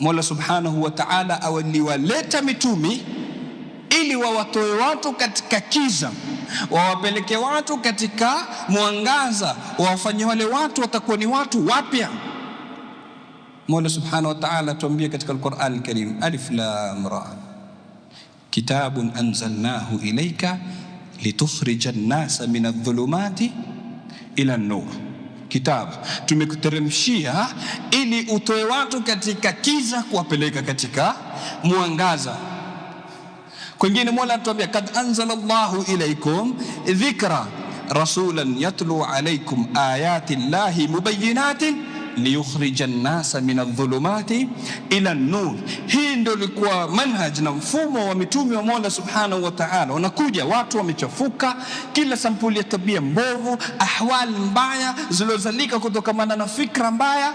Mola Subhanahu wa Ta'ala awaliwaleta mitumi ili wawatoe watu katika kiza, wawapeleke watu katika mwangaza, wawafanye wale watu watakuwa ni watu wapya. Mola Subhanahu wa Ta'ala tuambia katika al alkarim Alif Lam Ra, kitabun anzalnahu ilaika litukhrija an min adh-dhulumati ila an-nur kitabu tumekuteremshia ili utoe watu katika kiza kuwapeleka katika mwangaza. Kwengine Mola anatuambia kad anzala llahu ilaikum dhikra rasulan yatlu alaikum ayati llahi mubayinatin liyukhrija nnasa min aldhulumati ila an-nur ndio ilikuwa manhaj na mfumo wa mitume wa Mola Subhanahu wa Ta'ala. Wanakuja watu wamechafuka, kila sampuli ya tabia mbovu, ahwali mbaya zilizozalika kutokamana na fikra mbaya,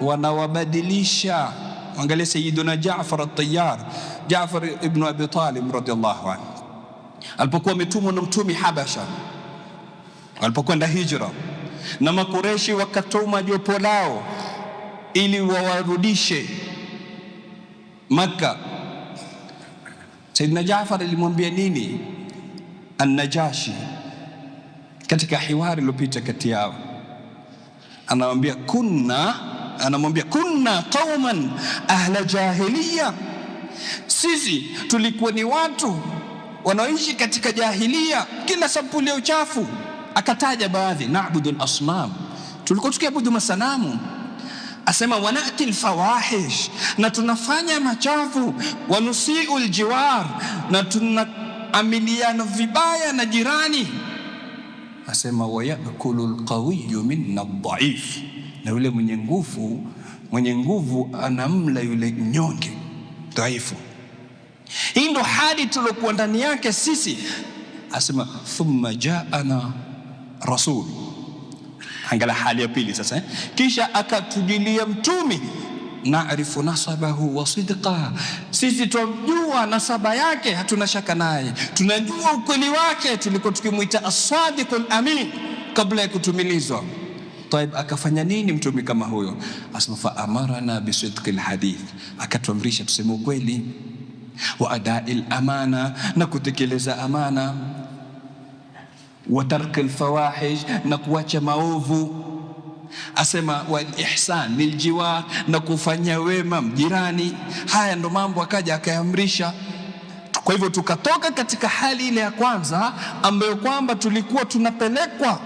wanawabadilisha. Angalia Sayyiduna Jaafar at-Tayyar, Jaafar ibn Abi Talib radhiyallahu anhu alipokuwa ametumwa na mtumi Habasha, walipokwenda hijra na Makureshi wakatuma jopo lao ili wawarudishe Makka. saidna jafar alimwambia nini Annajashi katika hiwari iliyopita kati yao? Anamwambia kunna, anamwambia kunna qauman ahla jahiliya, sisi tulikuwa ni watu wanaoishi katika jahilia, kila sampuli ya uchafu. Akataja baadhi, naabudu lasnam, tulikuwa tukiabudu masanamu asema wanati lfawahish, na tunafanya machafu, wanusiu ljiwar, na tunaamiliana vibaya na jirani. Asema wayakulu lqawiyu minna dhaif, na yule mwenye nguvu mwenye nguvu anamla yule nyonge dhaifu. Hii ndo hali tuliokuwa ndani yake sisi. Asema thumma jaana rasul Angala hali ya pili sasa eh? Kisha akatujilia mtumi naarifu nasabahu wa sidqa, sisi twamjua nasaba yake, hatuna shaka naye, tunajua ukweli wake. Tulikuwa tukimwita asadiqul amin kabla ya kutumilizwa. Taib, akafanya nini mtumi kama huyo? Asema fa amarana bisidqi lhadith, akatuamrisha tuseme ukweli, wa adai lamana, na kutekeleza amana wa tarki lfawahish, na kuacha maovu. Asema walihsan liljiwar, na kufanya wema mjirani. Haya ndo mambo akaja akayamrisha Kwa hivyo tukatoka katika hali ile ya kwanza ambayo kwamba tulikuwa tunapelekwa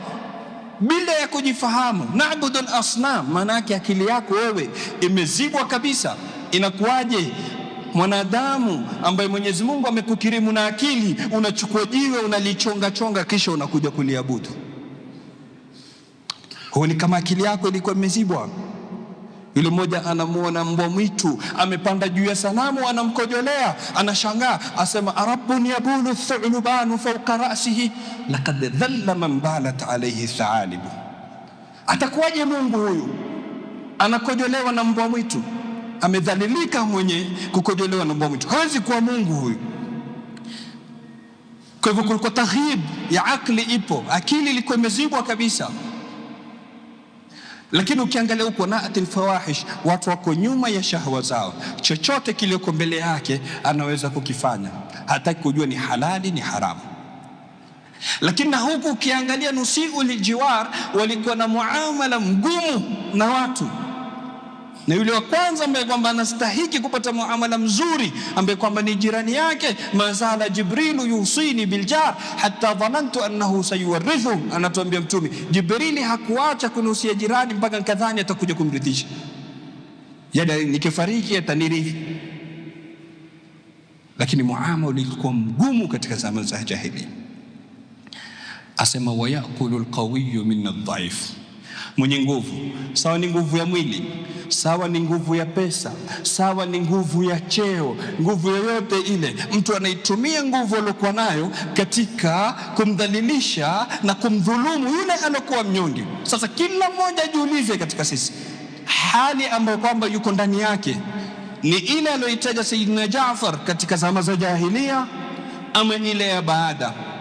bila ya kujifahamu, nabudul asnam. Maana yake akili yako wewe imezibwa kabisa, inakuwaje mwanadamu ambaye Mwenyezi Mungu amekukirimu na akili, unachukua jiwe unalichonga chonga, kisha unakuja kuliabudu. Huo ni kama akili yako ilikuwa imezibwa. Yule mmoja anamuona mbwa mwitu amepanda juu ya sanamu, anamkojolea, anashangaa, asema arabbun yabulu thulubanu fauka rasihi lakad dhalla man balat alaihi thaalibu. Atakuwaje Mungu huyu anakojolewa na mbwa mwitu? amedhalilika mwenye kukojolewa na mbwa mwitu, hawezi kuwa Mungu huyu. Kwa hivyo kulikuwa taghib ya akli, ipo akili ilikuwa imezibwa kabisa. Lakini ukiangalia huko naati lfawahish, watu wako nyuma ya shahwa zao, chochote kilioko mbele yake anaweza kukifanya, hataki kujua ni halali ni haramu. Lakini na huku ukiangalia nusiu liljiwar, walikuwa na muamala mgumu na watu na yule wa kwanza ambaye kwamba anastahiki kupata muamala mzuri ambaye kwamba ni jirani yake, mazala Jibrilu yusini biljar hatta dhanantu annahu sayuwarithu, anatuambia Mtume Jibrili hakuacha kunusia jirani mpaka kadhani atakuja kumridhisha, yaani nikifariki atanirithi. Lakini muamala ulikuwa mgumu katika zama za jahili. Asema wayakulu lqawiyu min aldhaif mwenye nguvu, sawa ni nguvu ya mwili, sawa ni nguvu ya pesa, sawa ni nguvu ya cheo, nguvu yoyote ile. Mtu anaitumia nguvu aliyokuwa nayo katika kumdhalilisha na kumdhulumu yule aliyokuwa mnyonge. Sasa kila mmoja ajiulize katika sisi hali ambayo kwamba yuko ndani yake, ni ile aliyoitaja Sayyidina Jaafar katika zama za jahilia ama ile ya baada